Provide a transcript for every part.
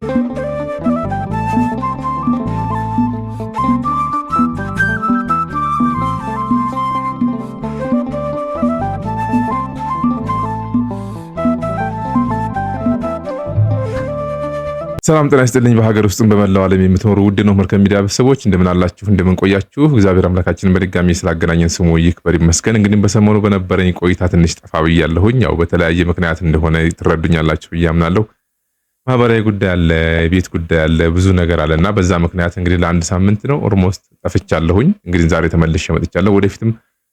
ሰላም ጤና ይስጥልኝ። በሀገር ውስጥም በመላው ዓለም የምትኖሩ ውድ ነው መርከብ ሚዲያ ቤተሰቦች እንደምን አላችሁ? እንደምን ቆያችሁ? እግዚአብሔር አምላካችን በድጋሚ ስላገናኘን ስሙ ይክበር ይመስገን። እንግዲህ በሰሞኑ በነበረኝ ቆይታ ትንሽ ጠፋ ብያለሁኝ። ያው በተለያየ ምክንያት እንደሆነ ትረዱኛላችሁ ብዬ አምናለሁ። ማህበራዊ ጉዳይ አለ፣ የቤት ጉዳይ አለ፣ ብዙ ነገር አለ እና በዛ ምክንያት እንግዲህ ለአንድ ሳምንት ነው ኦልሞስት ጠፍቻለሁኝ። እንግዲህ ዛሬ ተመልሼ መጥቻለሁ። ወደፊትም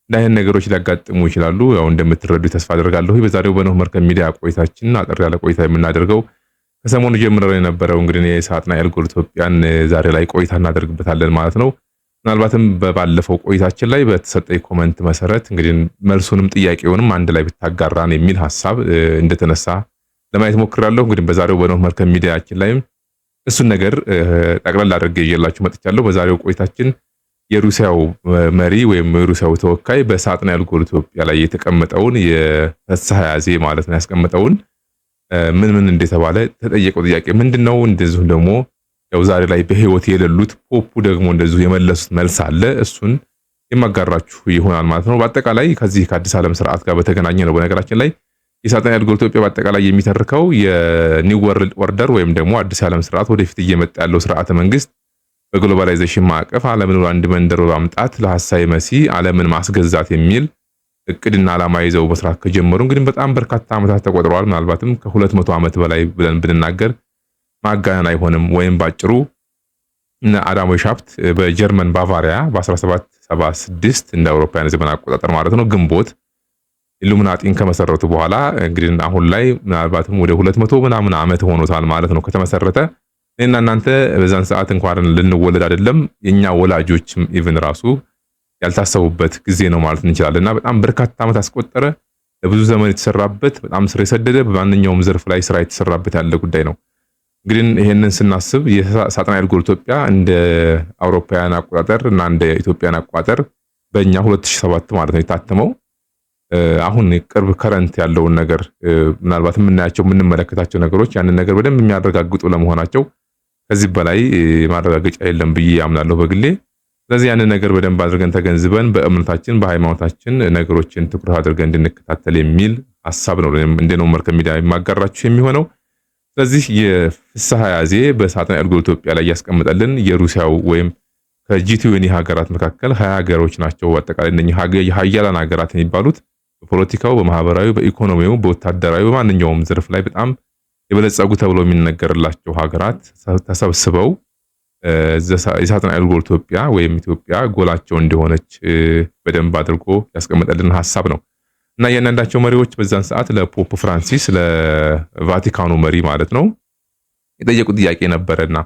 እንዳይህን ነገሮች ሊያጋጥሙ ይችላሉ። ያው እንደምትረዱ ተስፋ አደርጋለሁ። በዛሬው በኖህ መርከብ ሚዲያ ቆይታችን አጠር ያለ ቆይታ የምናደርገው ከሰሞኑ ጀምረን የነበረው እንግዲህ የሳጥናኤል ጎል ኢትዮጵያን ዛሬ ላይ ቆይታ እናደርግበታለን ማለት ነው። ምናልባትም በባለፈው ቆይታችን ላይ በተሰጠ ኮመንት መሰረት እንግዲህ መልሱንም ጥያቄውንም አንድ ላይ ብታጋራን የሚል ሀሳብ እንደተነሳ ለማየት ሞክራለሁ። እንግዲህ በዛሬው በኖህ መርከብ ሚዲያችን ላይም እሱን ነገር ጠቅላላ አድርጌ ይዤላችሁ መጥቻለሁ። በዛሬው ቆይታችን የሩሲያው መሪ ወይም የሩሲያው ተወካይ በሳጥናኤል ጎል ኢትዮጵያ ላይ የተቀመጠውን የፍትሐ ያዜ ማለት ነው ያስቀመጠውን ምን ምን እንደተባለ ተጠየቀው ጥያቄ ምንድን ነው? እንደዚሁም ደግሞ ያው ዛሬ ላይ በህይወት የሌሉት ፖፑ ደግሞ እንደዚሁ የመለሱት መልስ አለ። እሱን የማጋራችሁ ይሆናል ማለት ነው። በአጠቃላይ ከዚህ ከአዲስ ዓለም ስርዓት ጋር በተገናኘ ነው በነገራችን ላይ የሳጥናኤል ኢትዮጵያ በአጠቃላይ የሚተርከው የኒው ወርልድ ኦርደር ወይም ደግሞ አዲስ ዓለም ስርዓት ወደፊት እየመጣ ያለው ስርዓተ መንግስት በግሎባላይዜሽን ማዕቀፍ ዓለምን ወደ አንድ መንደር በማምጣት ለሀሳይ መሲ ዓለምን ማስገዛት የሚል እቅድና ዓላማ ይዘው መስራት ከጀመሩ እንግዲህ በጣም በርካታ ዓመታት ተቆጥረዋል። ምናልባትም ከሁለት መቶ ዓመት በላይ ብለን ብንናገር ማጋነን አይሆንም። ወይም ባጭሩ አዳሞ ሻፍት በጀርመን ባቫሪያ በ1776 እንደ አውሮፓውያን ዘመን አቆጣጠር ማለት ነው ግንቦት ኢሉሚናጢን ከመሰረቱ በኋላ እንግዲህ አሁን ላይ ምናልባትም ወደ ሁለት መቶ ምናምን ዓመት ሆኖታል ማለት ነው ከተመሰረተ። እኔና እናንተ በዛን ሰዓት እንኳን ልንወለድ አይደለም የኛ ወላጆችም ኢቭን ራሱ ያልታሰቡበት ጊዜ ነው ማለት እንችላለን። እና በጣም በርካታ ዓመት አስቆጠረ፣ ለብዙ ዘመን የተሰራበት በጣም ስራ የሰደደ በማንኛውም ዘርፍ ላይ ስራ የተሰራበት ያለ ጉዳይ ነው። እንግዲህ ይሄንን ስናስብ የሳጥናኤል ጎል ኢትዮጵያ እንደ አውሮፓውያን አቆጣጠር እና እንደ ኢትዮጵያን አቆጣጠር በእኛ 2007 ማለት ነው የታተመው አሁን ቅርብ ከረንት ያለውን ነገር ምናልባት የምናያቸው የምንመለከታቸው ነገሮች ያንን ነገር በደንብ የሚያረጋግጡ ለመሆናቸው ከዚህ በላይ ማረጋገጫ የለም ብዬ አምናለሁ በግሌ። ስለዚህ ያንን ነገር በደንብ አድርገን ተገንዝበን በእምነታችን በሃይማኖታችን ነገሮችን ትኩረት አድርገን እንድንከታተል የሚል ሀሳብ ነው እንደ ነው መርከብ ሚዲያ የማጋራችሁ የሚሆነው። ስለዚህ የፍስሐ ያዜ በሳጥን አድርጎ ኢትዮጵያ ላይ ያስቀምጠልን የሩሲያው ወይም ከጂ ሀገራት መካከል ሀያ ሀገሮች ናቸው። አጠቃላይ እነኚህ ሀያላን ሀገራት የሚባሉት በፖለቲካው፣ በማህበራዊ፣ በኢኮኖሚው፣ በወታደራዊ በማንኛውም ዘርፍ ላይ በጣም የበለጸጉ ተብሎ የሚነገርላቸው ሀገራት ተሰብስበው የሳጥን አይል ጎል ኢትዮጵያ ወይም ኢትዮጵያ ጎላቸው እንደሆነች በደንብ አድርጎ ያስቀመጠልን ሀሳብ ነው እና እያንዳንዳቸው መሪዎች በዛን ሰዓት ለፖፕ ፍራንሲስ ለቫቲካኑ መሪ ማለት ነው የጠየቁ ጥያቄ ነበረና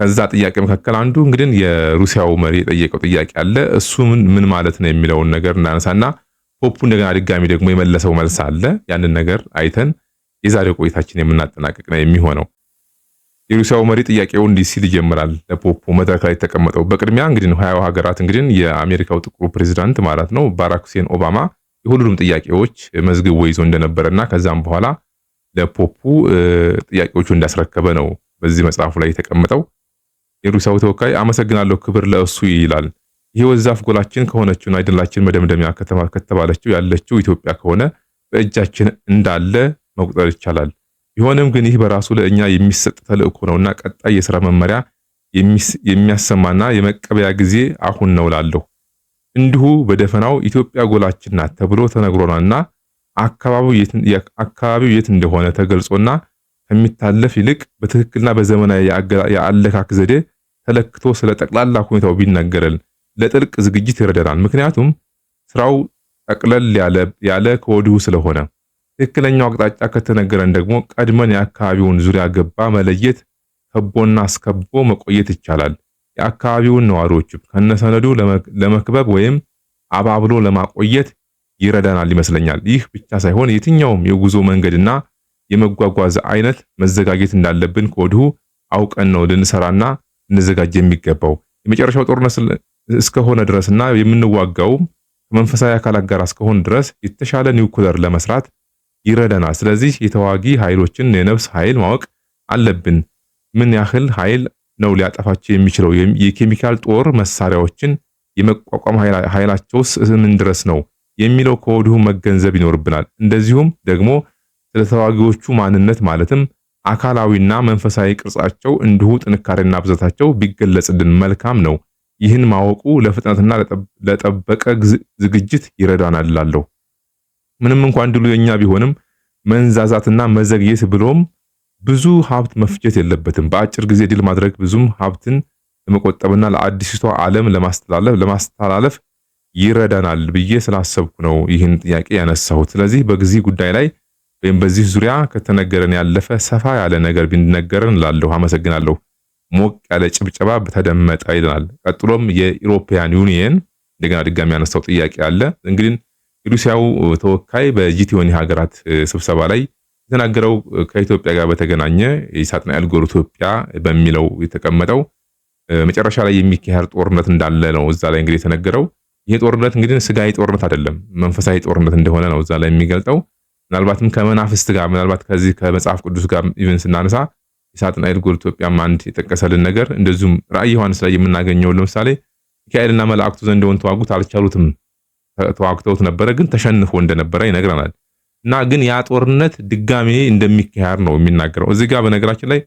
ከዛ ጥያቄ መካከል አንዱ እንግዲህ የሩሲያው መሪ የጠየቀው ጥያቄ አለ። እሱ ምን ማለት ነው የሚለውን ነገር እናነሳና ፖፑ እንደገና ድጋሚ ደግሞ የመለሰው መልስ አለ። ያንን ነገር አይተን የዛሬው ቆይታችን የምናጠናቀቅ ነው የሚሆነው። የሩሲያው መሪ ጥያቄው እንዲህ ሲል ይጀምራል። ለፖፑ መድረክ ላይ የተቀመጠው በቅድሚያ እንግዲህ ነው ሀያው ሀገራት እንግዲህ የአሜሪካው ጥቁሩ ፕሬዚዳንት ማለት ነው ባራክ ሁሴን ኦባማ የሁሉንም ጥያቄዎች መዝግቦ ይዞ እና ከዛም በኋላ ለፖፑ ጥያቄዎቹ እንዳስረከበ ነው በዚህ መጽሐፉ ላይ የተቀመጠው። የሩሲያው ተወካይ አመሰግናለሁ፣ ክብር ለእሱ ይላል። የህይወት ዛፍ ጎላችን ከሆነችው አይደላችን መደምደሚያ ከተማ ከተባለችው ያለችው ኢትዮጵያ ከሆነ በእጃችን እንዳለ መቁጠር ይቻላል። ቢሆንም ግን ይህ በራሱ ለእኛ የሚሰጥ ተልእኮ ነውና ቀጣይ የሥራ መመሪያ የሚያሰማና የመቀበያ ጊዜ አሁን ነው ላለሁ። እንዲሁ በደፈናው ኢትዮጵያ ጎላችን ናት ተብሎ ተነግሮናልና አካባቢው የት እንደሆነ ተገልጾና ከሚታለፍ ይልቅ በትክክልና በዘመናዊ የአለካክ ዘዴ ተለክቶ ስለ ጠቅላላ ሁኔታው ቢነገረን ለጥልቅ ዝግጅት ይረዳናል። ምክንያቱም ስራው ጠቅለል ያለ ከወዲሁ ስለሆነ፣ ትክክለኛው አቅጣጫ ከተነገረን ደግሞ ቀድመን የአካባቢውን ዙሪያ ገባ መለየት ከቦና አስከቦ መቆየት ይቻላል። የአካባቢውን ነዋሪዎች ከነሰነዱ ለመክበብ ወይም አባብሎ ለማቆየት ይረዳናል ይመስለኛል። ይህ ብቻ ሳይሆን የትኛውም የጉዞ መንገድና የመጓጓዝ አይነት መዘጋጀት እንዳለብን ከወዲሁ አውቀን ነው ልንሰራና ልንዘጋጅ የሚገባው። የመጨረሻው ጦርነት እስከሆነ ድረስ እና የምንዋጋው ከመንፈሳዊ አካላት ጋር እስከሆነ ድረስ የተሻለ ኒውክለር ለመስራት ይረዳናል። ስለዚህ የተዋጊ ኃይሎችን የነፍስ ኃይል ማወቅ አለብን። ምን ያህል ኃይል ነው ሊያጠፋቸው የሚችለው? የኬሚካል ጦር መሳሪያዎችን የመቋቋም ኃይላቸውስ ምን ድረስ ነው የሚለው ከወዲሁ መገንዘብ ይኖርብናል። እንደዚሁም ደግሞ ስለ ተዋጊዎቹ ማንነት ማለትም አካላዊና መንፈሳዊ ቅርጻቸው እንዲሁ ጥንካሬና ብዛታቸው ቢገለጽልን መልካም ነው። ይህን ማወቁ ለፍጥነትና ለጠበቀ ዝግጅት ይረዳናል እላለሁ። ምንም እንኳን ድሉ የኛ ቢሆንም መንዛዛትና መዘግየት ብሎም ብዙ ሀብት መፍጀት የለበትም። በአጭር ጊዜ ድል ማድረግ ብዙም ሀብትን ለመቆጠብና ለአዲስቷ ዓለም ለማስተላለፍ ይረዳናል ብዬ ስላሰብኩ ነው ይህን ጥያቄ ያነሳሁት። ስለዚህ በጊዜ ጉዳይ ላይ ወይም በዚህ ዙሪያ ከተነገረን ያለፈ ሰፋ ያለ ነገር ቢነገረን እላለሁ። አመሰግናለሁ። ሞቅ ያለ ጭብጨባ በተደመጠ ይለናል። ቀጥሎም የኢሮፓያን ዩኒየን እንደገና ድጋሚ ያነሳው ጥያቄ አለ። እንግዲህ የሩሲያው ተወካይ በጂቲዮኒ ሀገራት ስብሰባ ላይ የተናገረው ከኢትዮጵያ ጋር በተገናኘ የሳጥናኤል ጎል ኢትዮጵያ በሚለው የተቀመጠው መጨረሻ ላይ የሚካሄድ ጦርነት እንዳለ ነው። እዛ ላይ እንግዲህ የተነገረው ይህ ጦርነት እንግዲህ ስጋዊ ጦርነት አይደለም፣ መንፈሳዊ ጦርነት እንደሆነ ነው እዛ ላይ የሚገልጠው። ምናልባትም ከመናፍስት ጋር ምናልባት ከዚህ ከመጽሐፍ ቅዱስ ጋር ኢቨን ስናነሳ የሳጥናኤል ጎል ኢትዮጵያም አንድ የጠቀሰልን ነገር እንደዚሁም ራእይ ዮሐንስ ላይ የምናገኘው ለምሳሌ ሚካኤልና መላእክቱ ዘንድ ዘንዶውን ተዋጉት አልቻሉትም፣ ተዋግተውት ነበረ ግን ተሸንፎ እንደነበረ ይነግረናል። እና ግን ያ ጦርነት ድጋሜ እንደሚካሄድ ነው የሚናገረው። እዚህ ጋር በነገራችን ላይ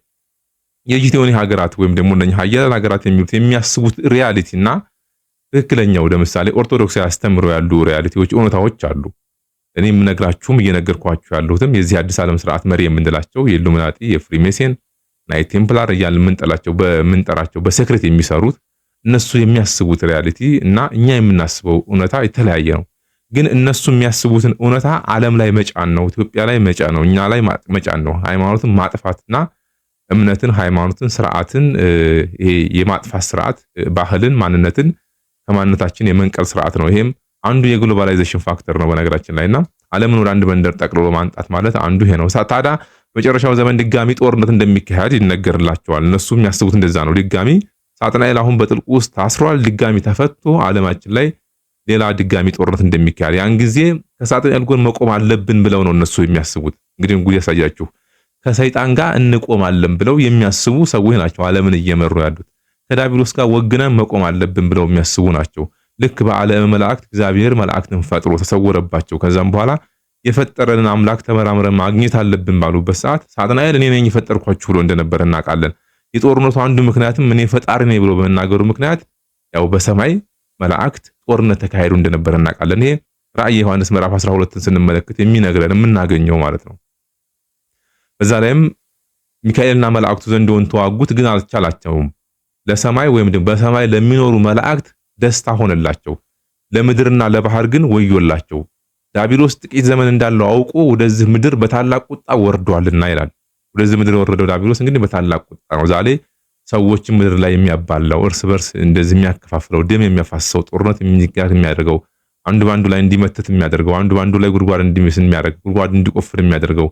የጂቴዮኒ ሀገራት ወይም ደግሞ እነ ሀያላን ሀገራት የሚሉት የሚያስቡት ሪያሊቲ እና ትክክለኛው ለምሳሌ ኦርቶዶክስ ያስተምረው ያሉ ሪያሊቲዎች እውነታዎች አሉ። እኔ የምነግራችሁም እየነገርኳችሁ ያለሁትም የዚህ አዲስ ዓለም ስርዓት መሪ የምንላቸው የኢሉሚናቲ የፍሪሜሴን ናይ ቴምፕላር እያል የምንጠላቸው በምንጠራቸው በሴክሬት የሚሰሩት እነሱ የሚያስቡት ሪያሊቲ እና እኛ የምናስበው እውነታ የተለያየ ነው። ግን እነሱ የሚያስቡትን እውነታ ዓለም ላይ መጫን ነው፣ ኢትዮጵያ ላይ መጫን ነው፣ እኛ ላይ መጫን ነው። ሃይማኖትን ማጥፋትና እምነትን፣ ሃይማኖትን፣ ስርዓትን የማጥፋት ስርዓት፣ ባህልን፣ ማንነትን ከማንነታችን የመንቀል ስርዓት ነው። ይሄም አንዱ የግሎባላይዜሽን ፋክተር ነው በነገራችን ላይ እና ዓለምን ወደ አንድ መንደር ጠቅልሎ ማንጣት ማለት አንዱ ይሄ ነው ታዲያ መጨረሻው ዘመን ድጋሚ ጦርነት እንደሚካሄድ ይነገርላቸዋል። እነሱ የሚያስቡት እንደዛ ነው። ድጋሚ ሳጥናኤል አሁን በጥልቁ ውስጥ ታስሯል። ድጋሚ ተፈቶ ዓለማችን ላይ ሌላ ድጋሚ ጦርነት እንደሚካሄድ ያን ጊዜ ከሳጥናኤል ጎን መቆም አለብን ብለው ነው እነሱ የሚያስቡት። እንግዲህ ጉድ ያሳያችሁ። ከሰይጣን ጋር እንቆማለን ብለው የሚያስቡ ሰዎች ናቸው ዓለምን እየመሩ ያሉት። ከዳቢሎስ ጋር ወግነን መቆም አለብን ብለው የሚያስቡ ናቸው። ልክ በዓለም መላእክት እግዚአብሔር መላእክትን ፈጥሮ ተሰወረባቸው። ከዛም በኋላ የፈጠረንን አምላክ ተመራምረን ማግኘት አለብን ባሉበት ሰዓት ሳጥናኤል እኔ ነኝ የፈጠርኳችሁ ብሎ እንደነበረ እናውቃለን። የጦርነቱ አንዱ ምክንያትም እኔ ፈጣሪ ነኝ ብሎ በመናገሩ ምክንያት ያው በሰማይ መላእክት ጦርነት ተካሄዱ እንደነበረ እናውቃለን። ይሄ ራእይ ዮሐንስ ምዕራፍ 12ን ስንመለከት የሚነግረን የምናገኘው ማለት ነው። በዛ ላይም ሚካኤልና መላእክቱ ዘንዶውን ተዋጉት፣ ግን አልቻላቸውም። ለሰማይ ወይም በሰማይ ለሚኖሩ መላእክት ደስታ ሆነላቸው፣ ለምድርና ለባህር ግን ወዮላቸው። ዳቢሎስ ጥቂት ዘመን እንዳለው አውቆ ወደዚህ ምድር በታላቅ ቁጣ ወርዷልና ይላል። ወደዚህ ምድር የወረደው ዳቢሎስ እንግዲህ በታላቅ ቁጣ ነው። ዛሬ ሰዎችን ምድር ላይ የሚያባላው እርስ በርስ እንደዚህ የሚያከፋፍለው ደም የሚያፋሰው ጦርነት የሚጋት የሚያደርገው አንዱ ባንዱ ላይ እንዲመትት የሚያደርገው አንዱ ባንዱ ላይ ጉድጓድ እንዲመስል የሚያደርገው ጉድጓድ እንዲቆፍር የሚያደርገው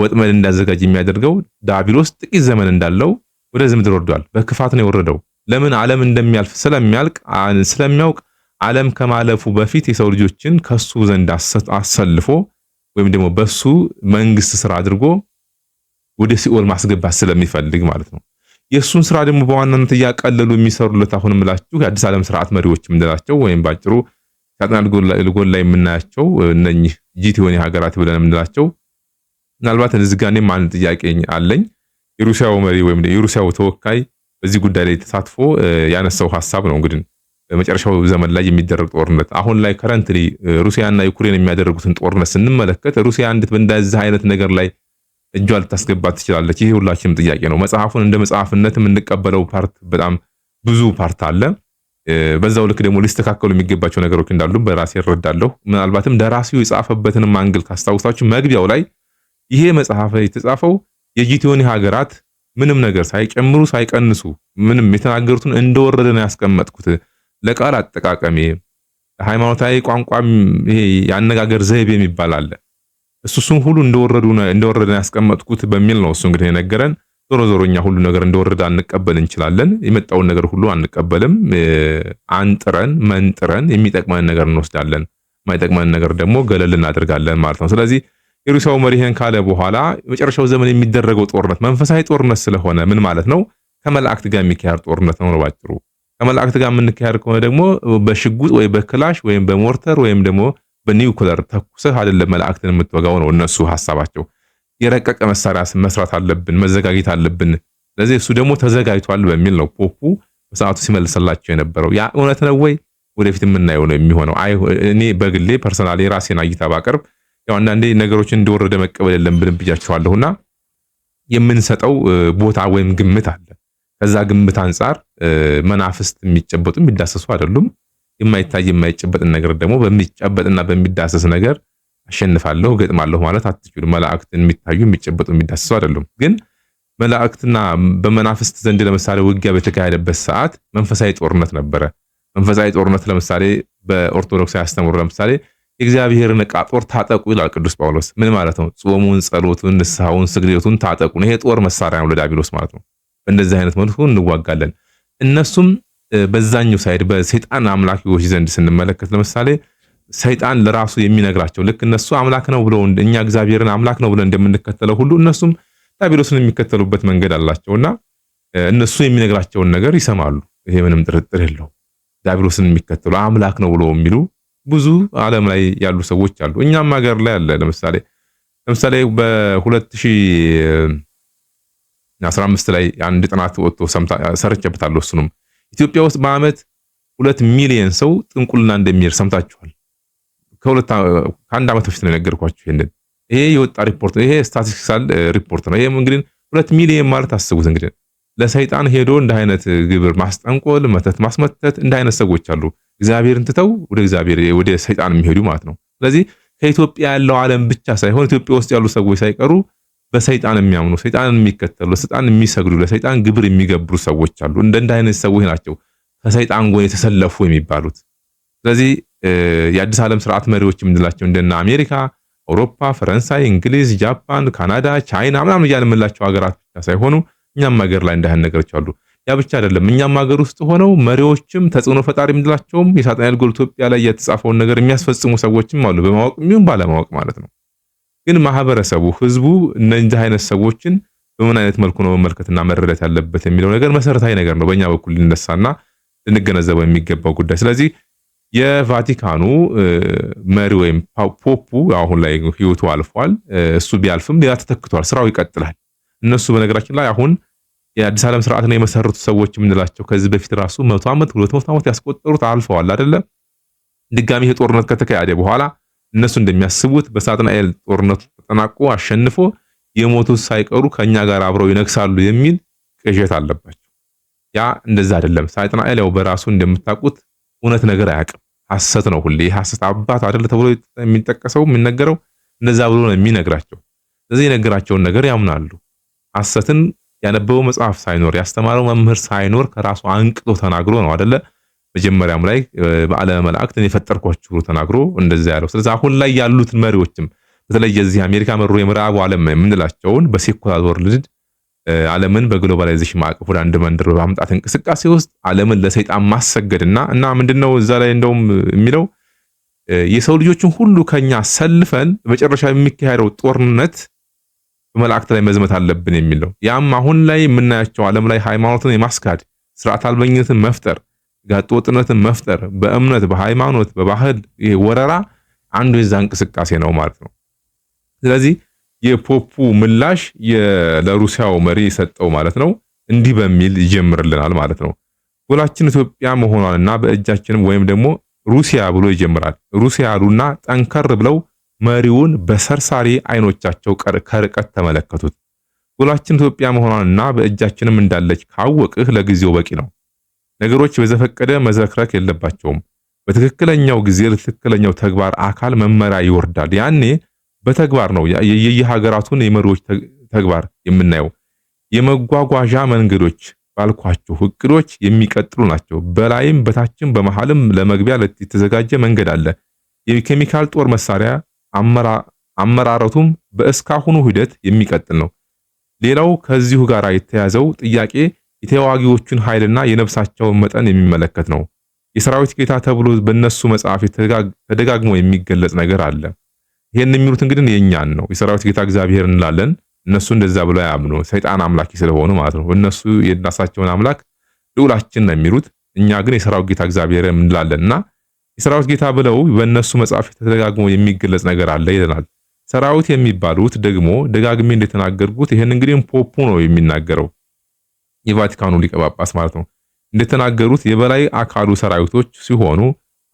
ወጥመድ እንዳዘጋጅ የሚያደርገው ዳቢሎስ ጥቂት ዘመን እንዳለው ወደዚህ ምድር ወርዷል። በክፋት ነው የወረደው። ለምን ዓለም እንደሚያልፍ ስለሚያልቅ ስለሚያውቅ ዓለም ከማለፉ በፊት የሰው ልጆችን ከሱ ዘንድ አሰልፎ ወይም ደግሞ በሱ መንግስት ስራ አድርጎ ወደ ሲኦል ማስገባት ስለሚፈልግ ማለት ነው። የእሱን ስራ ደግሞ በዋናነት እያቀለሉ የሚሰሩለት አሁን ምላችሁ የአዲስ ዓለም ስርዓት መሪዎች የምንላቸው ወይም ባጭሩ ሳጥናል ጎን ላይ የምናያቸው እነኚህ ጂት የሆነ ሀገራት ብለን የምንላቸው ምናልባት እዚህ አንድ ጥያቄ አለኝ። የሩሲያው መሪ ወይም የሩሲያው ተወካይ በዚህ ጉዳይ ላይ ተሳትፎ ያነሳው ሀሳብ ነው እንግዲህ መጨረሻው ዘመን ላይ የሚደረግ ጦርነት አሁን ላይ ከረንትሊ ሩሲያና ዩክሬን የሚያደርጉትን ጦርነት ስንመለከት ሩሲያ እንዴት በእንደዚህ አይነት ነገር ላይ እጇ ልታስገባት ትችላለች? ይህ ሁላችንም ጥያቄ ነው። መጽሐፉን እንደ መጽሐፍነት የምንቀበለው ፓርት በጣም ብዙ ፓርት አለ። በዛው ልክ ደግሞ ሊስተካከሉ የሚገባቸው ነገሮች እንዳሉ በራሴ እረዳለሁ። ምናልባትም ደራሲው የጻፈበትንም አንግል ካስታውሳችሁ መግቢያው ላይ ይሄ መጽሐፍ የተጻፈው የጂቲዮኒ ሀገራት ምንም ነገር ሳይጨምሩ ሳይቀንሱ ምንም የተናገሩትን እንደወረደ ነው ያስቀመጥኩት ለቃል አጠቃቀሜ ሃይማኖታዊ ቋንቋም ይሄ የአነጋገር ዘይቤ የሚባል አለ። እሱ እሱን ሁሉ እንደወረዱ እንደወረደ ያስቀመጥኩት በሚል ነው። እሱ እንግዲህ የነገረን ዞሮ ዞሮ እኛ ሁሉ ነገር እንደወረደ አንቀበል እንችላለን። የመጣውን ነገር ሁሉ አንቀበልም። አንጥረን መንጥረን የሚጠቅመን ነገር እንወስዳለን፣ የማይጠቅመን ነገር ደግሞ ገለል እናደርጋለን ማለት ነው። ስለዚህ የሩሲያው መሪ ካለ በኋላ መጨረሻው ዘመን የሚደረገው ጦርነት መንፈሳዊ ጦርነት ስለሆነ ምን ማለት ነው? ከመላእክት ጋር የሚካሄድ ጦርነት ነው ነው ባጭሩ። ከመላእክት ጋር የምንካሄድ ከሆነ ደግሞ በሽጉጥ ወይ በክላሽ ወይም በሞርተር ወይም ደግሞ በኒውክለር ተኩሰህ አይደለም መላእክትን የምትወጋው ነው እነሱ ሐሳባቸው። የረቀቀ መሳሪያ መስራት አለብን፣ መዘጋጀት አለብን። ስለዚህ እሱ ደግሞ ተዘጋጅቷል በሚል ነው ፖፑ በሰዓቱ ሲመልሰላቸው የነበረው። ያ እውነት ነው ወይ ወደፊት የምናየው ነው የሚሆነው። እኔ በግሌ ፐርሰናል ራሴን አይታ ባቀርብ ያው አንዳንዴ ነገሮችን እንደወረደ መቀበል የለብንም ብያችኋለሁና የምንሰጠው ቦታ ወይም ግምት አለ ከዛ ግምት አንጻር መናፍስት የሚጨበጡ የሚዳሰሱ አይደሉም። የማይታይ የማይጨበጥን ነገር ደግሞ በሚጨበጥና በሚዳሰስ ነገር አሸንፋለሁ ገጥማለሁ ማለት አትችሉ። መላእክትን የሚታዩ የሚጨበጡ የሚዳሰሱ አይደሉም። ግን መላእክትና በመናፍስት ዘንድ ለምሳሌ ውጊያ በተካሄደበት ሰዓት መንፈሳዊ ጦርነት ነበረ። መንፈሳዊ ጦርነት ለምሳሌ በኦርቶዶክስ ያስተምሩ ለምሳሌ የእግዚአብሔርን ዕቃ ጦር ታጠቁ ይላል ቅዱስ ጳውሎስ። ምን ማለት ነው? ጾሙን፣ ጸሎቱን፣ ንስሐውን፣ ስግደቱን ታጠቁ ነው። ይሄ ጦር መሳሪያ ነው ለዲያብሎስ ማለት ነው። በእንደዚህ አይነት መልኩ እንዋጋለን። እነሱም በዛኛው ሳይድ በሰይጣን አምላኪዎች ዘንድ ስንመለከት ለምሳሌ ሰይጣን ለራሱ የሚነግራቸው ልክ እነሱ አምላክ ነው ብለው እኛ እግዚአብሔርን አምላክ ነው ብለው እንደምንከተለው ሁሉ እነሱም ዲያብሎስን የሚከተሉበት መንገድ አላቸውና እነሱ የሚነግራቸውን ነገር ይሰማሉ። ይሄ ምንም ጥርጥር የለው። ዲያብሎስን የሚከተሉ አምላክ ነው ብለው የሚሉ ብዙ ዓለም ላይ ያሉ ሰዎች አሉ። እኛም ሀገር ላይ አለ። ለምሳሌ ለምሳሌ በሁለት ሺህ 15 ላይ አንድ ጥናት ወጥቶ ሰርቼበታለሁ። እሱንም ኢትዮጵያ ውስጥ በአመት ሁለት ሚሊየን ሰው ጥንቁልና እንደሚሄድ ሰምታችኋል። ከአንድ ዓመት በፊት ነው የነገርኳችሁ። ይሄንን ይሄ የወጣ ሪፖርት ነው። ይሄ ስታቲስቲካል ሪፖርት ነው። ይሄም እንግዲህ ሁለት ሚሊየን ማለት አስቡት እንግዲህ ለሰይጣን ሄዶ እንደ አይነት ግብር ማስጠንቆል፣ መተት ማስመተት እንደ አይነት ሰዎች አሉ። እግዚአብሔርን ትተው ወደ እግዚአብሔር ወደ ሰይጣን የሚሄዱ ማለት ነው። ስለዚህ ከኢትዮጵያ ያለው ዓለም ብቻ ሳይሆን ኢትዮጵያ ውስጥ ያሉ ሰዎች ሳይቀሩ በሰይጣን የሚያምኑ ሰይጣንን የሚከተሉ ለሰይጣን የሚሰግዱ ለሰይጣን ግብር የሚገብሩ ሰዎች አሉ። እንደ እንደ አይነት ሰዎች ናቸው ከሰይጣን ጎን የተሰለፉ የሚባሉት። ስለዚህ የአዲስ ዓለም ስርዓት መሪዎች የምንላቸው እንደና አሜሪካ፣ አውሮፓ፣ ፈረንሳይ፣ እንግሊዝ፣ ጃፓን፣ ካናዳ፣ ቻይና ምናምን እያልን የምንላቸው ሀገራት ብቻ ሳይሆኑ እኛም ሀገር ላይ እንዳህን ነገሮች አሉ። ያ ብቻ አይደለም። እኛም ሀገር ውስጥ ሆነው መሪዎችም ተጽዕኖ ፈጣሪ የምንላቸውም የሳጥናኤል ጎል ኢትዮጵያ ላይ የተጻፈውን ነገር የሚያስፈጽሙ ሰዎችም አሉ፣ በማወቅ ይሁን ባለማወቅ ማለት ነው። ግን ማህበረሰቡ፣ ህዝቡ እነዚህ አይነት ሰዎችን በምን አይነት መልኩ ነው መመልከትና መረዳት ያለበት የሚለው ነገር መሰረታዊ ነገር ነው፣ በእኛ በኩል ልነሳና ልንገነዘበው የሚገባው ጉዳይ። ስለዚህ የቫቲካኑ መሪ ወይም ፖፑ አሁን ላይ ህይወቱ አልፏል። እሱ ቢያልፍም ሌላ ተተክቷል፣ ስራው ይቀጥላል። እነሱ በነገራችን ላይ አሁን የአዲስ ዓለም ነው የመሰረቱ ሰዎች የምንላቸው ከዚህ በፊት ራሱ መቶ ዓመት ሁለት መቶ ዓመት ያስቆጠሩት አልፈዋል አይደለም። ድጋሚ የጦርነት ጦርነት ከተካሄደ በኋላ እነሱ እንደሚያስቡት በሳጥናኤል ጦርነቱ ተጠናቆ አሸንፎ የሞቱ ሳይቀሩ ከኛ ጋር አብረው ይነግሳሉ የሚል ቅዠት አለባቸው። ያ እንደዛ አይደለም። ሳጥናኤል ያው በራሱ እንደምታውቁት እውነት ነገር አያውቅም፣ ሐሰት ነው። ሁሌ ሀሰት አባት አይደል ተብሎ የሚጠቀሰው የሚነገረው እንደዛ ብሎ ነው የሚነግራቸው። ስለዚህ የነገራቸውን ነገር ያምናሉ። ሐሰትን ያነበበው መጽሐፍ ሳይኖር ያስተማረው መምህር ሳይኖር ከራሱ አንቅጦ ተናግሮ ነው አይደለም። መጀመሪያም ላይ በዓለመ መላእክት እኔ ብሎ ተናግሮ እንደዛ ያለው። ስለዚህ አሁን ላይ ያሉትን መሪዎችም በተለይ የዚህ አሜሪካ መሩ የምዕራቡ ዓለም የምንላቸውን በሴኩላር ወርልድ ዓለምን በግሎባላይዜሽን ማዕቀፍ ወደ አንድ መንደር በማምጣት እንቅስቃሴ ውስጥ ዓለምን ለሰይጣን ማሰገድና እና ምንድነው እዛ ላይ እንደውም የሚለው የሰው ልጆችን ሁሉ ከኛ ሰልፈን መጨረሻ የሚካሄደው ጦርነት በመላእክት ላይ መዝመት አለብን የሚለው ያም አሁን ላይ የምናያቸው ዓለም ላይ ሃይማኖትን የማስካድ ስርዓት አልበኝነትን መፍጠር ጋጠወጥነትን መፍጠር በእምነት በሃይማኖት በባህል ይሄ ወረራ አንዱ የዛ እንቅስቃሴ ነው ማለት ነው። ስለዚህ የፖፑ ምላሽ ለሩሲያው መሪ ሰጠው ማለት ነው። እንዲህ በሚል ይጀምርልናል ማለት ነው። ጎላችን ኢትዮጵያ መሆኗንና በእጃችንም ወይም ደግሞ ሩሲያ ብሎ ይጀምራል። ሩሲያ ያሉና ጠንከር ብለው መሪውን በሰርሳሪ አይኖቻቸው ከርቀት ተመለከቱት። ጎላችን ኢትዮጵያ መሆኗንና በእጃችንም እንዳለች ካወቅህ ለጊዜው በቂ ነው። ነገሮች በዘፈቀደ መዝረክረክ የለባቸውም። በትክክለኛው ጊዜ ለትክክለኛው ተግባር አካል መመሪያ ይወርዳል። ያኔ በተግባር ነው የየሀገራቱን የመሪዎች ተግባር የምናየው። የመጓጓዣ መንገዶች ባልኳቸው እቅዶች የሚቀጥሉ ናቸው። በላይም በታችም በመሃልም ለመግቢያ የተዘጋጀ መንገድ አለ። የኬሚካል ጦር መሳሪያ አመራረቱም በእስካሁኑ ሂደት የሚቀጥል ነው። ሌላው ከዚሁ ጋር የተያዘው ጥያቄ የተዋጊዎቹን ኃይልና የነፍሳቸውን መጠን የሚመለከት ነው። የሰራዊት ጌታ ተብሎ በእነሱ መጽሐፍ ተደጋግሞ የሚገለጽ ነገር አለ። ይሄን የሚሉት እንግዲህ የእኛን ነው። የሰራዊት ጌታ እግዚአብሔር እንላለን። እነሱ እንደዛ ብለው ያምኑ ሰይጣን አምላኪ ስለሆኑ ማለት ነው። እነሱ የናሳቸውን አምላክ ልዑላችን ነው የሚሉት። እኛ ግን የሰራዊት ጌታ እግዚአብሔር እንላለንና የሰራዊት ጌታ ብለው በእነሱ መጽሐፍ ተደጋግሞ የሚገለጽ ነገር አለ ይለናል። ሰራዊት የሚባሉት ደግሞ ደጋግሜ እንደተናገርኩት ይህን እንግዲህ ፖፑ ነው የሚናገረው የቫቲካኑ ሊቀ ጳጳስ ማለት ነው እንደተናገሩት የበላይ አካሉ ሰራዊቶች ሲሆኑ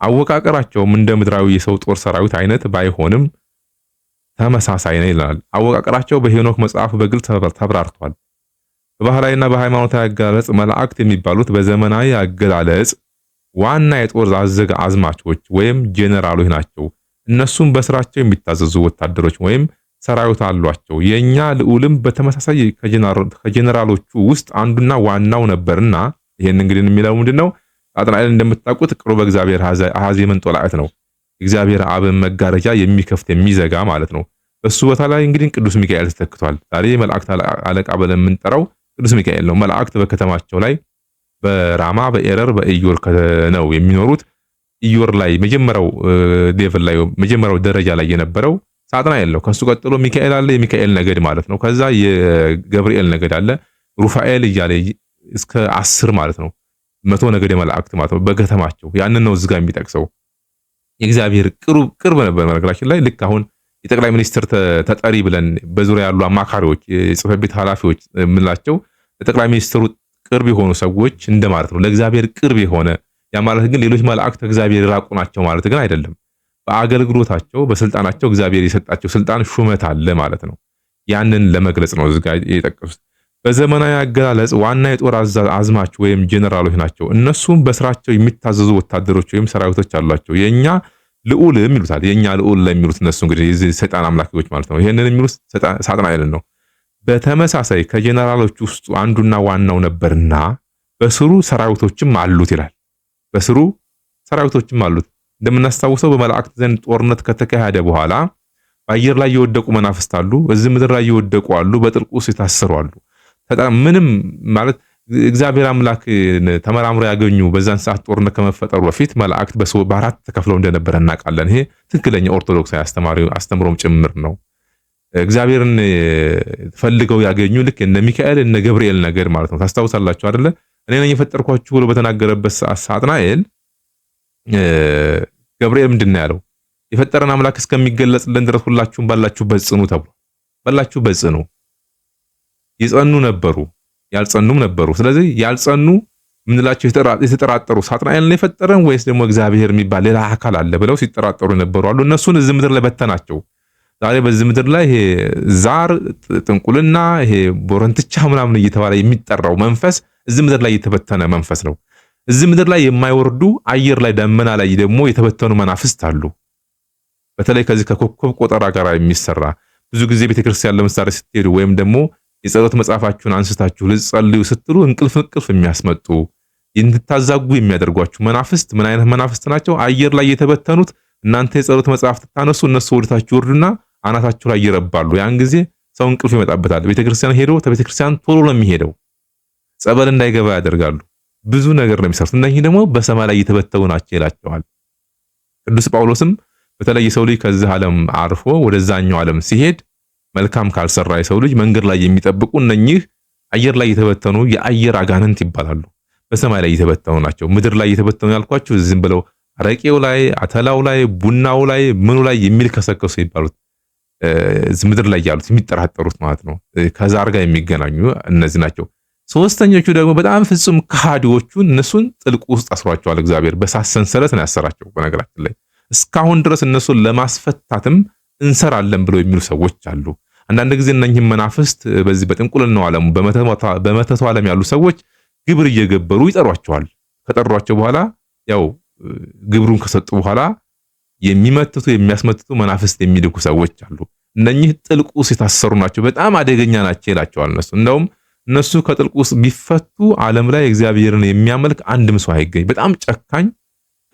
አወቃቀራቸውም እንደ ምድራዊ የሰው ጦር ሰራዊት አይነት ባይሆንም ተመሳሳይ ነው ይላል። አወቃቀራቸው በሄኖክ መጽሐፍ በግልጽ ተብራርቷል። በባህላዊና በሃይማኖታዊ አገላለጽ መላእክት የሚባሉት በዘመናዊ አገላለጽ ዋና የጦር አዘግ አዝማቾች ወይም ጄኔራሎች ናቸው። እነሱም በስራቸው የሚታዘዙ ወታደሮች ወይም ሰራዊት አሏቸው። የእኛ ልዑልም በተመሳሳይ ከጀነራሎቹ ውስጥ አንዱና ዋናው ነበርና ይሄን እንግዲህ የሚለው ምንድነው? አጥናኤል እንደምታውቁት ቅሩበ እግዚአብሔር አሐዜምን ጦላዕት ነው። እግዚአብሔር አብን መጋረጃ የሚከፍት የሚዘጋ ማለት ነው። እሱ ቦታ ላይ እንግዲህ ቅዱስ ሚካኤል ተተክቷል። ዛሬ መላእክት አለቃ ብለን የምንጠራው ቅዱስ ሚካኤል ነው። መላእክት በከተማቸው ላይ በራማ በኤረር በኢዮር ነው የሚኖሩት። ኢዮር ላይ መጀመሪያው ሌቭል ላይ መጀመሪያው ደረጃ ላይ የነበረው ሳጥናኤል ነው። ከሱ ቀጥሎ ሚካኤል አለ፣ የሚካኤል ነገድ ማለት ነው። ከዛ የገብርኤል ነገድ አለ፣ ሩፋኤል እያለ እስከ አስር ማለት ነው። መቶ ነገድ የመላእክት ማለት ነው በገተማቸው። ያንን ነው እዚህ ጋር የሚጠቅሰው የእግዚአብሔር ቅርብ ቅርብ ነበር። በነገራችን ላይ ልክ አሁን የጠቅላይ ሚኒስትር ተጠሪ ብለን በዙሪያ ያሉ አማካሪዎች፣ የጽህፈት ቤት ኃላፊዎች የምንላቸው ለጠቅላይ ሚኒስትሩ ቅርብ የሆኑ ሰዎች እንደማለት ነው። ለእግዚአብሔር ቅርብ የሆነ ያ ማለት ግን ሌሎች መላእክት ከእግዚአብሔር ራቁ ናቸው ማለት ግን አይደለም። በአገልግሎታቸው በስልጣናቸው እግዚአብሔር የሰጣቸው ስልጣን ሹመት አለ ማለት ነው። ያንን ለመግለጽ ነው እዚህ ጋር የጠቀሱት። በዘመናዊ አገላለጽ ዋና የጦር አዝማች ወይም ጄኔራሎች ናቸው። እነሱም በስራቸው የሚታዘዙ ወታደሮች ወይም ሰራዊቶች አሏቸው። የእኛ ልዑል የሚሉታል የእኛ ልዑል ለሚሉት እነሱ እንግዲህ ሰይጣን አምላኪዎች ማለት ነው። ይህንን የሚሉት ሳጥናኤልን ነው። በተመሳሳይ ከጄኔራሎች ውስጥ አንዱና ዋናው ነበርና በስሩ ሰራዊቶችም አሉት ይላል። በስሩ ሰራዊቶችም አሉት እንደምናስታውሰው በመላእክት ዘንድ ጦርነት ከተካሄደ በኋላ በአየር ላይ የወደቁ መናፍስት አሉ፣ እዚህ ምድር ላይ የወደቁ አሉ፣ በጥልቁ ውስጥ የታሰሩ አሉ። ምንም ማለት እግዚአብሔር አምላክ ተመራምሮ ያገኙ በዛን ሰዓት ጦርነት ከመፈጠሩ በፊት መላእክት በአራት ተከፍለው እንደነበረ እናውቃለን። ይሄ ትክክለኛ ኦርቶዶክሳዊ አስተምሮም ጭምር ነው። እግዚአብሔርን ፈልገው ያገኙ ልክ እነ ሚካኤል እነ ገብርኤል ነገር ማለት ነው። ታስታውሳላችሁ አደለ? እኔ ነኝ የፈጠርኳችሁ ብሎ በተናገረበት ሰዓት ሳጥናኤል ገብርኤል ምንድን ነው ያለው? የፈጠረን አምላክ እስከሚገለጽልን ድረስ ሁላችሁም ባላችሁበት ጽኑ ተብሎ ባላችሁበት ጽኑ። ይጸኑ ነበሩ ያልጸኑም ነበሩ። ስለዚህ ያልጸኑ ምንላቸው የተጠራጠሩ ሳጥናኤልን የፈጠረን ወይስ ደግሞ እግዚአብሔር የሚባል ሌላ አካል አለ ብለው ሲጠራጠሩ የነበሩ አሉ። እነሱን እዚህ ምድር ላይ በተናቸው። ዛሬ በዚህ ምድር ላይ ይሄ ዛር፣ ጥንቁልና፣ ይሄ ቦረንትቻ ምናምን እየተባለ የሚጠራው መንፈስ እዚህ ምድር ላይ እየተበተነ መንፈስ ነው። እዚህ ምድር ላይ የማይወርዱ አየር ላይ ደመና ላይ ደግሞ የተበተኑ መናፍስት አሉ። በተለይ ከዚህ ከኮከብ ቆጠራ ጋር የሚሰራ ብዙ ጊዜ ቤተክርስቲያን ለምሳሌ ስትሄዱ ወይም ደግሞ የጸሎት መጽሐፋችሁን አንስታችሁ ልጸልዩ ስትሉ እንቅልፍ እንቅልፍ የሚያስመጡ እንድታዛጉ የሚያደርጓችሁ መናፍስት ምን አይነት መናፍስት ናቸው? አየር ላይ የተበተኑት እናንተ የጸሎት መጽሐፍ ትታነሱ እነሱ ወደታችሁ ይወርዱና አናታችሁ ላይ ይረባሉ። ያን ጊዜ ሰው እንቅልፍ ይመጣበታል። ቤተክርስቲያን ሄዶ ከቤተክርስቲያን ቶሎ ነው የሚሄደው። ጸበል እንዳይገባ ያደርጋሉ። ብዙ ነገር ነው የሚሰሩት። እነኚህ ደግሞ በሰማይ ላይ የተበተው ናቸው ይላቸዋል። ቅዱስ ጳውሎስም በተለይ ሰው ልጅ ከዚህ ዓለም አርፎ ወደዛኛው ዓለም ሲሄድ መልካም ካልሰራ የሰው ልጅ መንገድ ላይ የሚጠብቁ እነኚህ አየር ላይ የተበተኑ የአየር አጋንንት ይባላሉ። በሰማይ ላይ የተበተኑ ናቸው። ምድር ላይ የተበተኑ ያልኳችሁ ዝም ብለው አረቄው ላይ፣ አተላው ላይ፣ ቡናው ላይ፣ ምኑ ላይ የሚልከሰከሱ ይባሉት ምድር ላይ ያሉት የሚጠራጠሩት ማለት ነው። ከዛር ጋር የሚገናኙ እነዚህ ናቸው። ሶስተኞቹ ደግሞ በጣም ፍጹም ከሃዲዎቹን እነሱን ጥልቁ ውስጥ አስሯቸዋል። እግዚአብሔር በሳት ሰንሰለት ነው ያሰራቸው። በነገራችን ላይ እስካሁን ድረስ እነሱን ለማስፈታትም እንሰራለን ብለው የሚሉ ሰዎች አሉ። አንዳንድ ጊዜ እነኝህ መናፍስት በዚህ በጥንቁልናው ዓለሙ በመተቱ ዓለም ያሉ ሰዎች ግብር እየገበሩ ይጠሯቸዋል። ከጠሯቸው በኋላ ያው ግብሩን ከሰጡ በኋላ የሚመትቱ የሚያስመትቱ መናፍስት የሚልኩ ሰዎች አሉ። እነኚህ ጥልቁ ውስጥ የታሰሩ ናቸው፣ በጣም አደገኛ ናቸው ይላቸዋል። እነሱ እንደውም እነሱ ከጥልቁ ውስጥ ቢፈቱ ዓለም ላይ እግዚአብሔርን የሚያመልክ አንድም ሰው አይገኝ። በጣም ጨካኝ፣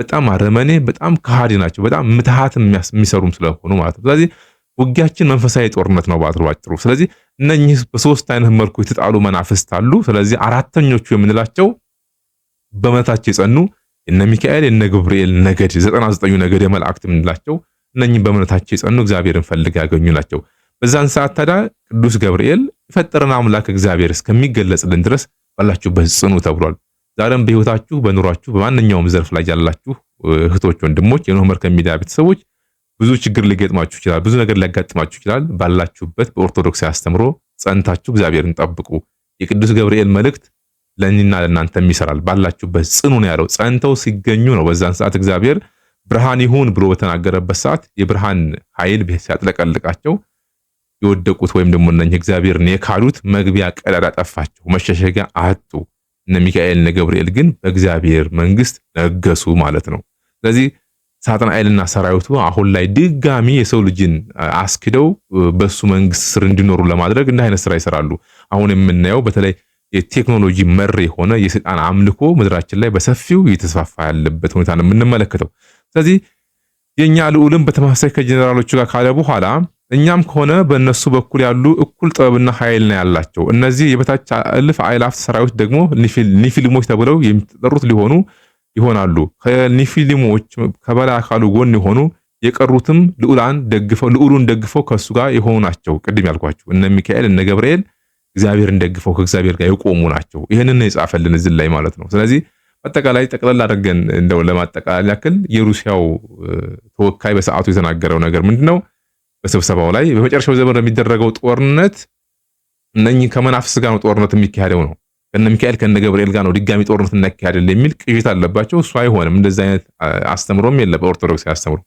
በጣም አረመኔ፣ በጣም ከሃዲ ናቸው። በጣም ምትሃት የሚሰሩም ስለሆኑ ማለት ነው። ስለዚህ ውጊያችን መንፈሳዊ ጦርነት ነው ባጭሩ። ስለዚህ እነኚህ በሶስት አይነት መልኩ የተጣሉ መናፍስት አሉ። ስለዚህ አራተኞቹ የምንላቸው በእምነታቸው የጸኑ እነ ሚካኤል የነ ገብርኤል ነገድ ዘጠና ዘጠኙ ነገድ የመላእክት የምንላቸው እነኚህ በእምነታቸው የጸኑ እግዚአብሔርን ፈልግ ያገኙ ናቸው። በዛን ሰዓት ታዲያ ቅዱስ ገብርኤል የፈጠረን አምላክ እግዚአብሔር እስከሚገለጽልን ድረስ ባላችሁበት ጽኑ ተብሏል። ዛሬም በህይወታችሁ፣ በኑሯችሁ፣ በማንኛውም ዘርፍ ላይ ያላችሁ እህቶች፣ ወንድሞች የኖህ መርከብ ሚዲያ ቤተሰቦች ብዙ ችግር ሊገጥማችሁ ይችላል። ብዙ ነገር ሊያጋጥማችሁ ይችላል። ባላችሁበት በኦርቶዶክስ አስተምሮ ጸንታችሁ እግዚአብሔርን ጠብቁ። የቅዱስ ገብርኤል መልእክት ለእኔና ለእናንተም ይሰራል። ባላችሁበት ጽኑ ነው ያለው። ጸንተው ሲገኙ ነው በዛን ሰዓት እግዚአብሔር ብርሃን ይሁን ብሎ በተናገረበት ሰዓት የብርሃን ኃይል ሲያጥለቀልቃቸው የወደቁት ወይም ደግሞ እነኝህ እግዚአብሔርን የካዱት መግቢያ ቀዳዳ ጠፋቸው፣ መሸሸጊያ አጡ። እነ ሚካኤልና ገብርኤል ግን በእግዚአብሔር መንግስት ነገሱ ማለት ነው። ስለዚህ ሳጥናኤልና ሰራዊቱ አሁን ላይ ድጋሚ የሰው ልጅን አስክደው በሱ መንግስት ስር እንዲኖሩ ለማድረግ እንደ አይነት ስራ ይሰራሉ። አሁን የምናየው በተለይ የቴክኖሎጂ መር የሆነ የስልጣን አምልኮ ምድራችን ላይ በሰፊው እየተስፋፋ ያለበት ሁኔታ ነው የምንመለከተው። ስለዚህ የእኛ ልዑልም በተመሳሳይ ከጀኔራሎቹ ጋር ካለ በኋላ እኛም ከሆነ በእነሱ በኩል ያሉ እኩል ጥበብና ኃይል ነው ያላቸው። እነዚህ የበታች እልፍ አይላፍ ሰራዊት ደግሞ ኒፊሊሞች ተብለው የሚጠሩት ሊሆኑ ይሆናሉ። ከኒፊሊሞች ከበላይ አካሉ ጎን የሆኑ የቀሩትም ልዑላን ደግፈው ልዑሉን ደግፈው ከእሱ ጋር የሆኑ ናቸው። ቅድም ያልኳቸው እነ ሚካኤል እነ ገብርኤል እግዚአብሔርን ደግፈው ከእግዚአብሔር ጋር የቆሙ ናቸው። ይህንን ነው የጻፈልን እዚህ ላይ ማለት ነው። ስለዚህ አጠቃላይ ጠቅለል አድርገን እንደው ለማጠቃለል ያክል የሩሲያው ተወካይ በሰዓቱ የተናገረው ነገር ምንድን ነው? በስብሰባው ላይ በመጨረሻው ዘመን የሚደረገው ጦርነት እነኚህ ከመናፍስ ጋር ነው ጦርነት የሚካሄደው ነው ከነ ሚካኤል ከነ ገብርኤል ጋር ነው ድጋሚ ጦርነት እናካሄደል የሚል ቅዥት አለባቸው። እሱ አይሆንም፣ እንደዚህ አይነት አስተምሮም የለም በኦርቶዶክስ አስተምሮ።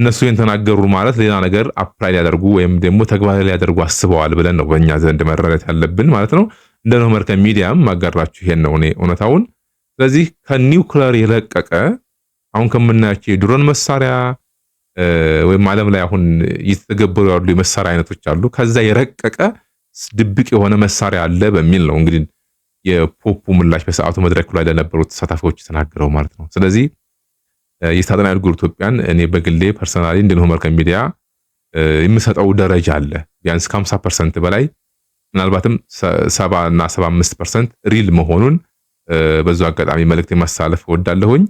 እነሱ ይህን ተናገሩ ማለት ሌላ ነገር አፕላይ ሊያደርጉ ወይም ደግሞ ተግባር ሊያደርጉ አስበዋል ብለን ነው በእኛ ዘንድ መረዳት ያለብን ማለት ነው። እንደ ኖህ መርከ ሚዲያም ማጋራችሁ ይሄን ነው እኔ እውነታውን። ስለዚህ ከኒውክለር የለቀቀ አሁን ከምናያቸው የድሮን መሳሪያ ወይም ዓለም ላይ አሁን እየተገበሩ ያሉ የመሳሪያ አይነቶች አሉ። ከዛ የረቀቀ ድብቅ የሆነ መሳሪያ አለ በሚል ነው እንግዲህ የፖፑ ምላሽ በሰዓቱ መድረክ ላይ ለነበሩት ተሳታፊዎች የተናገረው ማለት ነው። ስለዚህ የስታጠና ያድጉር ኢትዮጵያን እኔ በግሌ ፐርሰናሊ እንደ መርከን ሚዲያ የምሰጠው ደረጃ አለ። ቢያንስ ከሀምሳ ፐርሰንት በላይ ምናልባትም ሰባ እና ሰባ አምስት ፐርሰንት ሪል መሆኑን በዙ አጋጣሚ መልእክት የማስተላለፍ እወዳለሁኝ።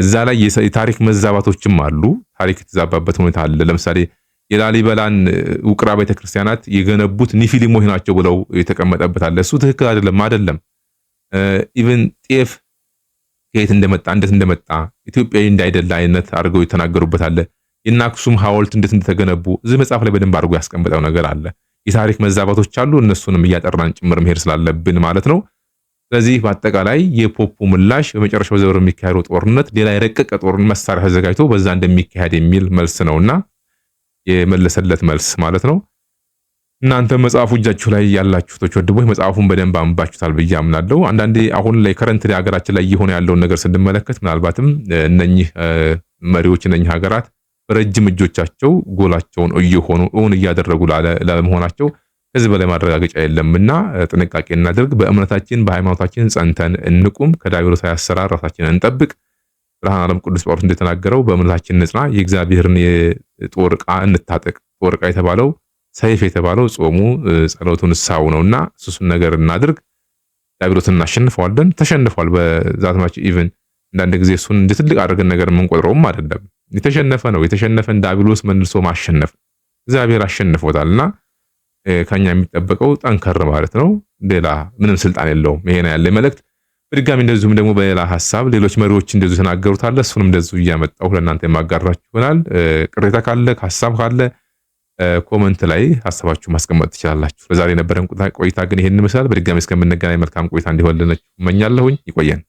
እዛ ላይ የታሪክ መዛባቶችም አሉ። ታሪክ የተዛባበት ሁኔታ አለ። ለምሳሌ የላሊበላን ውቅራ ቤተክርስቲያናት የገነቡት ኒፊሊሞች ናቸው ብለው የተቀመጠበት አለ። እሱ ትክክል አይደለም አይደለም። ኢቨን ጤፍ ከየት እንደመጣ እንዴት እንደመጣ ኢትዮጵያዊ እንዳይደለ አይነት አድርገው የተናገሩበት አለ። የናክሱም ሐውልት እንዴት እንደተገነቡ እዚህ መጽሐፍ ላይ በደንብ አድርጎ ያስቀምጠው ነገር አለ። የታሪክ መዛባቶች አሉ። እነሱንም እያጠራን ጭምር መሄድ ስላለብን ማለት ነው። ስለዚህ በአጠቃላይ የፖፑ ምላሽ በመጨረሻው ዘብር የሚካሄደው ጦርነት ሌላ የረቀቀ ጦርነት መሳሪያ ተዘጋጅቶ በዛ እንደሚካሄድ የሚል መልስ ነውና የመለሰለት መልስ ማለት ነው። እናንተ መጽሐፉ እጃችሁ ላይ ያላችሁ ቶች ወድቦች መጽሐፉን በደንብ አንባችሁታል ብዬ አምናለሁ። አንዳንዴ አሁን ላይ ከረንት ሀገራችን ላይ እየሆነ ያለውን ነገር ስንመለከት ምናልባትም እነኚህ መሪዎች እነኚህ ሀገራት በረጅም እጆቻቸው ጎላቸውን እየሆኑ እውን እያደረጉ ለመሆናቸው ከዚህ በላይ ማረጋገጫ የለምና ጥንቃቄ እናደርግ። በእምነታችን በሃይማኖታችን ጸንተን እንቁም። ከዳቢሎሳዊ አሰራር ራሳችን እንጠብቅ። ብርሃን ዓለም ቅዱስ ጳውሎስ እንደተናገረው በእምነታችን ንጽና የእግዚአብሔርን የጦር ዕቃ እንታጠቅ። ጦር ዕቃ የተባለው ሰይፍ የተባለው ጾሙ፣ ጸሎቱ፣ ንስሐው ነውና እሱሱን ነገር እናድርግ። ዳቢሎስን እናሸንፈዋለን። ተሸንፏል። በዛትማች ኢቭን አንዳንድ ጊዜ እሱን እንደ ትልቅ አድርገን ነገር የምንቆጥረውም አይደለም። የተሸነፈ ነው። የተሸነፈን ዳቢሎስ መልሶ ማሸነፍ እግዚአብሔር አሸንፎታልና ከኛ የሚጠበቀው ጠንከር ማለት ነው። ሌላ ምንም ስልጣን የለውም። ይሄ ነው ያለ መልእክት። በድጋሚ እንደዚሁም ደግሞ በሌላ ሀሳብ ሌሎች መሪዎች እንደዚሁ ተናገሩታለ። እሱንም እንደዚሁ እያመጣሁ ለእናንተ የማጋራችሁ ይሆናል። ቅሬታ ካለ ሀሳብ ካለ ኮመንት ላይ ሀሳባችሁ ማስቀመጥ ትችላላችሁ። ለዛሬ የነበረን ቆይታ ግን ይሄን ይመስላል። በድጋሚ እስከምንገናኝ መልካም ቆይታ እንዲሆንልነች እመኛለሁኝ። ይቆየን።